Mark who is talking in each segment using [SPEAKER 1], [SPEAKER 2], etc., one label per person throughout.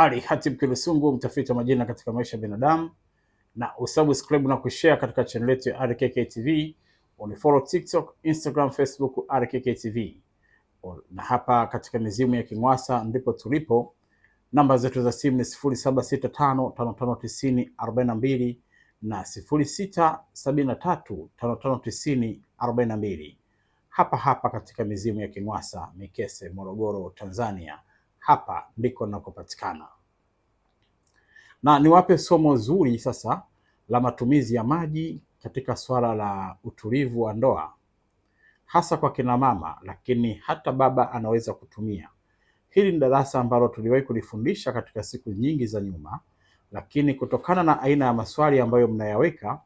[SPEAKER 1] Ali Hatib Kilusungu, mtafiti wa majina katika maisha ya binadamu, na usubscribe na kushare katika channel yetu ya RKK TV. Unifollow TikTok, Instagram, Facebook RKK TV. Na hapa katika mizimu ya King'wasa ndipo tulipo. Namba zetu za simu ni 0765559042 na 0673559042. Hapa hapa katika mizimu ya King'wasa, Mikese, Morogoro, Tanzania hapa ndiko nakopatikana. Na niwape somo zuri sasa la matumizi ya maji katika swala la utulivu wa ndoa, hasa kwa kina mama, lakini hata baba anaweza kutumia. Hili ni darasa ambalo tuliwahi kulifundisha katika siku nyingi za nyuma, lakini kutokana na aina ya maswali ambayo mnayaweka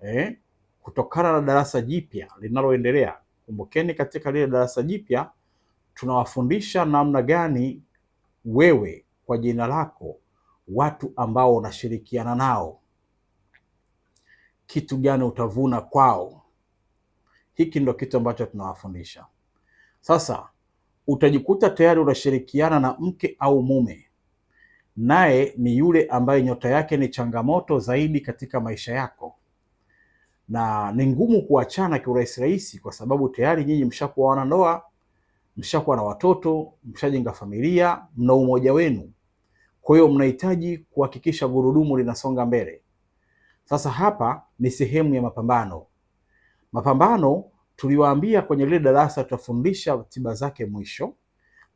[SPEAKER 1] eh, kutokana na darasa jipya linaloendelea, kumbukeni, katika lile darasa jipya tunawafundisha namna gani wewe kwa jina lako watu ambao unashirikiana nao, kitu gani utavuna kwao? Hiki ndo kitu ambacho tunawafundisha sasa. Utajikuta tayari unashirikiana na mke au mume, naye ni yule ambaye nyota yake ni changamoto zaidi katika maisha yako, na ni ngumu kuachana kiurahisi rahisi, kwa sababu tayari nyinyi mshakuwa wanandoa mshakuwa na watoto, mshajenga familia, mna umoja wenu, kwa hiyo mnahitaji kuhakikisha gurudumu linasonga mbele. Sasa hapa ni sehemu ya mapambano. Mapambano tuliwaambia kwenye lile darasa tutafundisha tiba zake mwisho,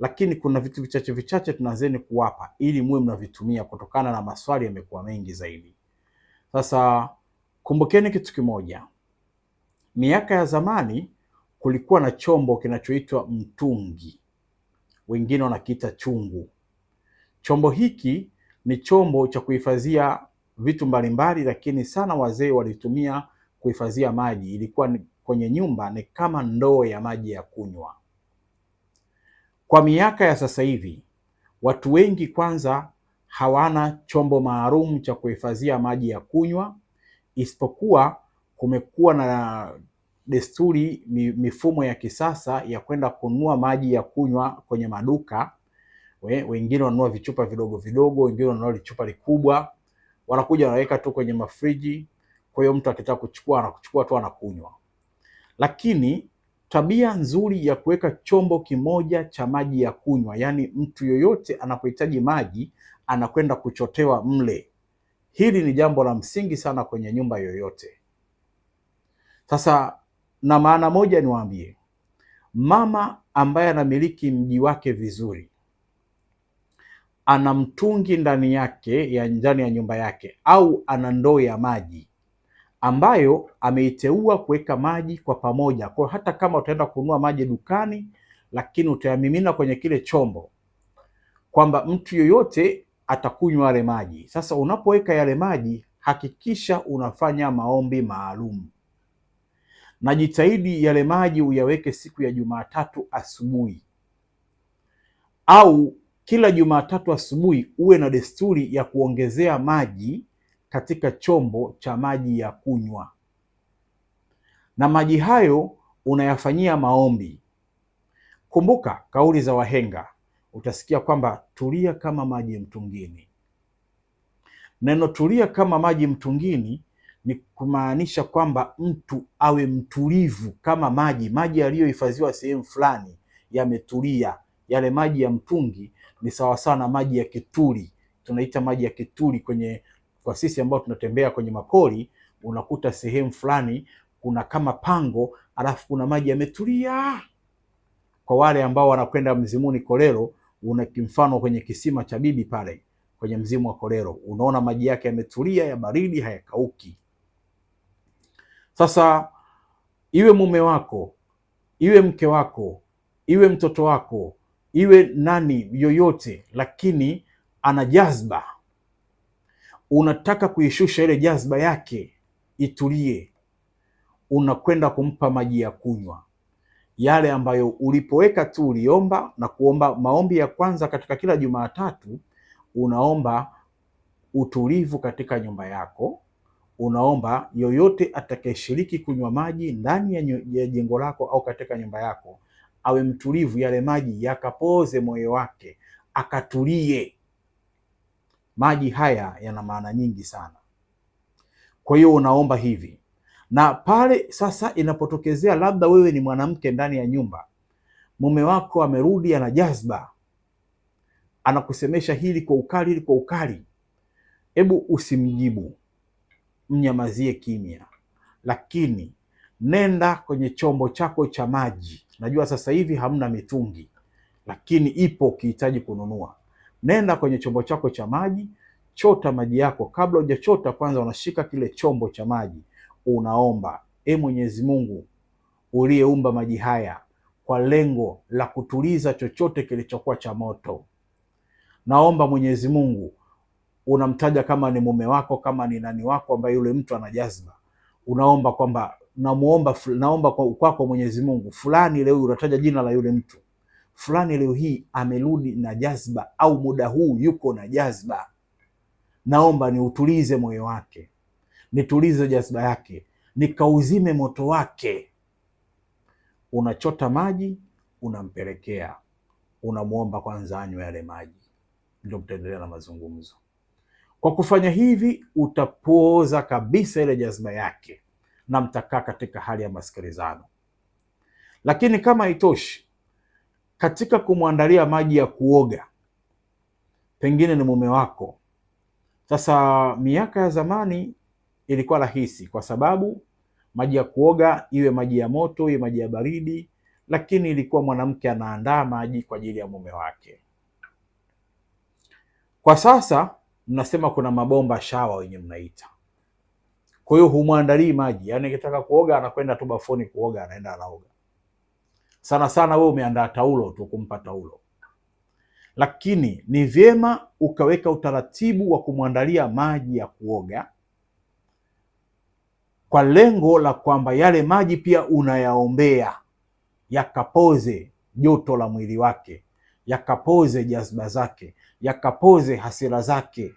[SPEAKER 1] lakini kuna vitu vichache vichache tunaanzeni kuwapa ili muwe mnavitumia kutokana na maswali yamekuwa mengi zaidi. Sasa kumbukeni kitu kimoja, miaka ya zamani kulikuwa na chombo kinachoitwa mtungi, wengine wanakiita chungu. Chombo hiki ni chombo cha kuhifadhia vitu mbalimbali, lakini sana wazee walitumia kuhifadhia maji. Ilikuwa ni kwenye nyumba, ni kama ndoo ya maji ya kunywa. Kwa miaka ya sasa hivi, watu wengi kwanza hawana chombo maalum cha kuhifadhia maji ya kunywa, isipokuwa kumekuwa na desturi, mifumo ya kisasa ya kwenda kununua maji ya kunywa kwenye maduka. We, wengine wanunua vichupa vidogo vidogo, wengine wanunua lichupa likubwa, wanakuja wanaweka tu kwenye mafriji. Kwa hiyo mtu akitaka kuchukua anakuchukua tu anakunywa. Lakini tabia nzuri ya kuweka chombo kimoja cha maji ya kunywa, yaani mtu yoyote anapohitaji maji anakwenda kuchotewa mle, hili ni jambo la msingi sana kwenye nyumba yoyote. Sasa na maana moja niwaambie, mama ambaye anamiliki mji wake vizuri, ana mtungi ndani yake ya ndani ya nyumba yake, au ana ndoo ya maji ambayo ameiteua kuweka maji kwa pamoja. Kwa hata kama utaenda kununua maji dukani, lakini utayamimina kwenye kile chombo, kwamba mtu yoyote atakunywa yale maji. Sasa unapoweka yale maji, hakikisha unafanya maombi maalum na jitahidi yale maji uyaweke siku ya Jumatatu asubuhi au kila Jumatatu asubuhi uwe na desturi ya kuongezea maji katika chombo cha maji ya kunywa, na maji hayo unayafanyia maombi. Kumbuka kauli za wahenga, utasikia kwamba tulia kama maji mtungini. Neno tulia kama maji mtungini ni kumaanisha kwamba mtu awe mtulivu kama maji. Maji yaliyohifadhiwa sehemu fulani yametulia, yale maji ya mtungi ni sawasawa na maji ya kituli, tunaita maji ya kituli kwenye, kwa sisi ambao tunatembea kwenye mapori, unakuta sehemu fulani kuna kama pango, alafu kuna maji yametulia. Kwa wale ambao wanakwenda mzimuni Kolero, una kimfano kwenye kisima cha bibi pale kwenye mzimu wa Kolero, unaona maji yake yametulia, ya baridi, hayakauki. Sasa iwe mume wako, iwe mke wako, iwe mtoto wako, iwe nani yoyote, lakini ana jazba, unataka kuishusha ile jazba yake itulie, unakwenda kumpa maji ya kunywa yale ambayo ulipoweka tu uliomba na kuomba maombi ya kwanza katika kila Jumatatu, unaomba utulivu katika nyumba yako, unaomba yoyote atakayeshiriki kunywa maji ndani ya jengo lako au katika nyumba yako awe mtulivu, yale maji yakapoze moyo wake, akatulie. Maji haya yana maana nyingi sana. Kwa hiyo unaomba hivi, na pale sasa inapotokezea labda wewe ni mwanamke ndani ya nyumba, mume wako amerudi, ana jazba, anakusemesha hili kwa ukali, hili kwa ukali, hebu usimjibu mnyamazie kimya, lakini nenda kwenye chombo chako cha maji. Najua sasa hivi hamna mitungi, lakini ipo ukihitaji kununua. Nenda kwenye chombo chako cha maji, chota maji yako. Kabla hujachota, kwanza unashika kile chombo cha maji, unaomba e, Mwenyezi Mungu uliyeumba maji haya kwa lengo la kutuliza chochote kilichokuwa cha moto, naomba Mwenyezi Mungu unamtaja kama ni mume wako, kama ni nani wako, ambaye yule mtu ana jazba, unaomba kwamba namuomba, naomba kwako kwa kwako Mwenyezi Mungu fulani, leo unataja jina la yule mtu fulani, leo hii amerudi na jazba, au muda huu yuko na jazba, naomba niutulize moyo wake, nitulize jazba yake, nikauzime moto wake. Unachota maji unampelekea, unamuomba kwanza anywe yale maji, ndio mtaendelea na mazungumzo. Kwa kufanya hivi, utapooza kabisa ile jazba yake na mtakaa katika hali ya masikilizano. Lakini kama haitoshi, katika kumwandalia maji ya kuoga, pengine ni mume wako. Sasa miaka ya zamani ilikuwa rahisi, kwa sababu maji ya kuoga iwe maji ya moto, iwe maji ya baridi, lakini ilikuwa mwanamke anaandaa maji kwa ajili ya mume wake. Kwa sasa mnasema kuna mabomba shawa wenye mnaita. Kwa hiyo humwandalii maji, yaani akitaka kuoga anakwenda tu bafuni kuoga, anaenda anaoga. Sana sana wewe umeandaa taulo tu kumpa taulo, lakini ni vyema ukaweka utaratibu wa kumwandalia maji ya kuoga kwa lengo la kwamba yale maji pia unayaombea yakapoze joto la mwili wake yakapoze jazba zake, yakapoze hasira zake.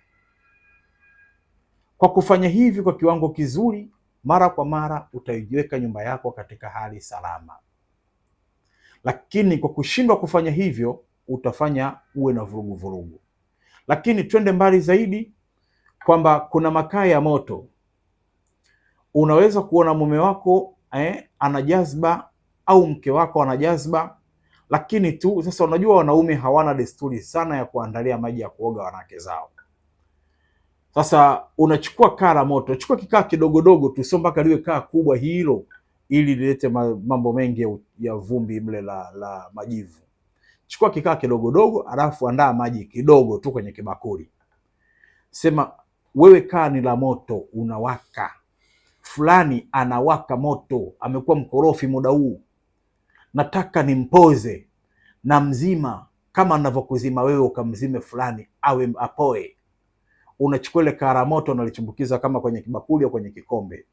[SPEAKER 1] Kwa kufanya hivi kwa kiwango kizuri, mara kwa mara, utaijiweka nyumba yako katika hali salama. Lakini kwa kushindwa kufanya hivyo, utafanya uwe na vurugu vurugu. Lakini twende mbali zaidi, kwamba kuna makaa ya moto. Unaweza kuona mume wako eh, ana jazba au mke wako ana jazba lakini tu sasa, unajua wanaume hawana desturi sana ya kuandalia maji ya kuoga wanawake zao. Sasa unachukua kaa la moto, chukua kikaa kidogodogo tu, sio mpaka liwe kaa kubwa hilo, ili lilete mambo mengi ya, ya vumbi mle la, la majivu. Chukua kikaa kidogodogo, alafu andaa maji kidogo tu kwenye kibakuli. Sema wewe, kaa ni la moto, unawaka fulani anawaka moto, amekuwa mkorofi muda huu nataka nimpoze na mzima kama anavyokuzima wewe, ukamzime fulani awe apoe. Unachukua ile karamoto unalichumbukiza kama kwenye kibakuli au kwenye kikombe,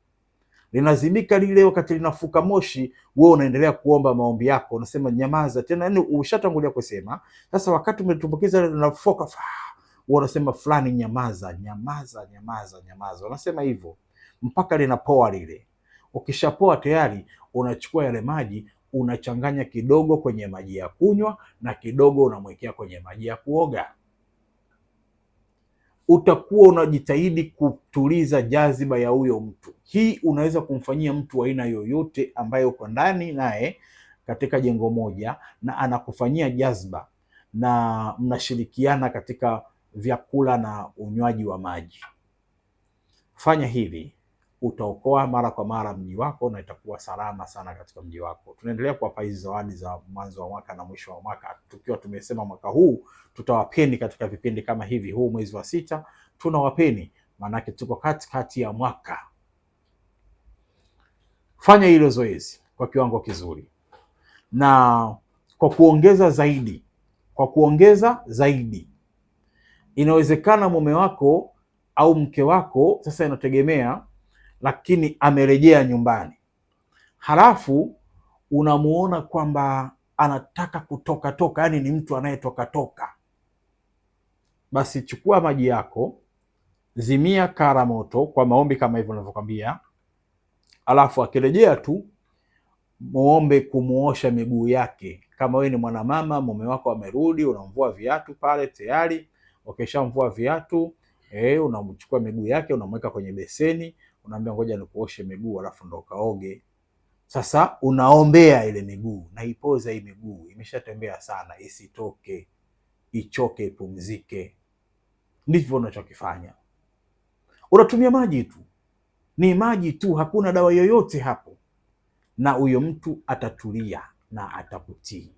[SPEAKER 1] linazimika lile. Wakati linafuka moshi, wewe unaendelea kuomba maombi yako, unasema nyamaza tena, yani ushatangulia kusema. Sasa wakati umetumbukiza wewe unasema fulani, nyamaza, nyamaza, nyamaza, nyamaza, unasema hivyo mpaka linapoa lile. Ukishapoa tayari, unachukua yale maji unachanganya kidogo kwenye maji ya kunywa na kidogo unamwekea kwenye maji ya kuoga. Utakuwa unajitahidi kutuliza jaziba ya huyo mtu. Hii unaweza kumfanyia mtu wa aina yoyote ambaye uko ndani naye katika jengo moja na anakufanyia jaziba na mnashirikiana katika vyakula na unywaji wa maji. Fanya hivi utaokoa mara kwa mara mji wako na itakuwa salama sana katika mji wako. Tunaendelea kuwapa hizi zawadi za mwanzo wa mwaka na mwisho wa mwaka, tukiwa tumesema mwaka huu tutawapeni katika vipindi kama hivi. Huu mwezi wa sita tunawapeni, maanake tuko katikati ya mwaka. Fanya hilo zoezi kwa kiwango kizuri, na kwa kuongeza zaidi, kwa kuongeza zaidi, inawezekana mume wako au mke wako, sasa inategemea lakini amerejea nyumbani, halafu unamuona kwamba anataka kutoka toka, yani ni mtu anayetoka toka, basi chukua maji yako, zimia kara moto kwa maombi kama hivyo unavyokwambia alafu akirejea tu muombe kumuosha miguu yake. Kama wewe ni mwanamama, mume wako amerudi, unamvua viatu pale tayari, wakishamvua viatu eh, unamchukua miguu yake unamweka kwenye beseni, unaambia ngoja nikuoshe miguu alafu ndo kaoge. Sasa unaombea ile miguu, naipoza hii miguu, imeshatembea sana, isitoke, ichoke, ipumzike. Ndivyo unachokifanya. Unatumia maji tu, ni maji tu, hakuna dawa yoyote hapo, na huyo mtu atatulia na atakutii.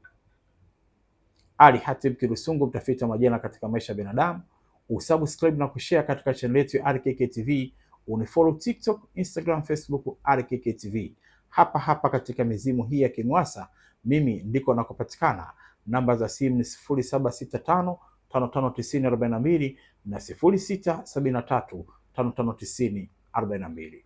[SPEAKER 1] Ali Hatib Kirusungu, mtafiti wa majina katika maisha ya binadamu. Usubscribe na kushare katika channel yetu ya RKK TV unifollow TikTok, Instagram, Facebook RKK TV. Hapa hapa katika mizimu hii ya King'wasa, mimi ndiko nakopatikana. Namba za simu ni 0765 559042 na 0673 559042.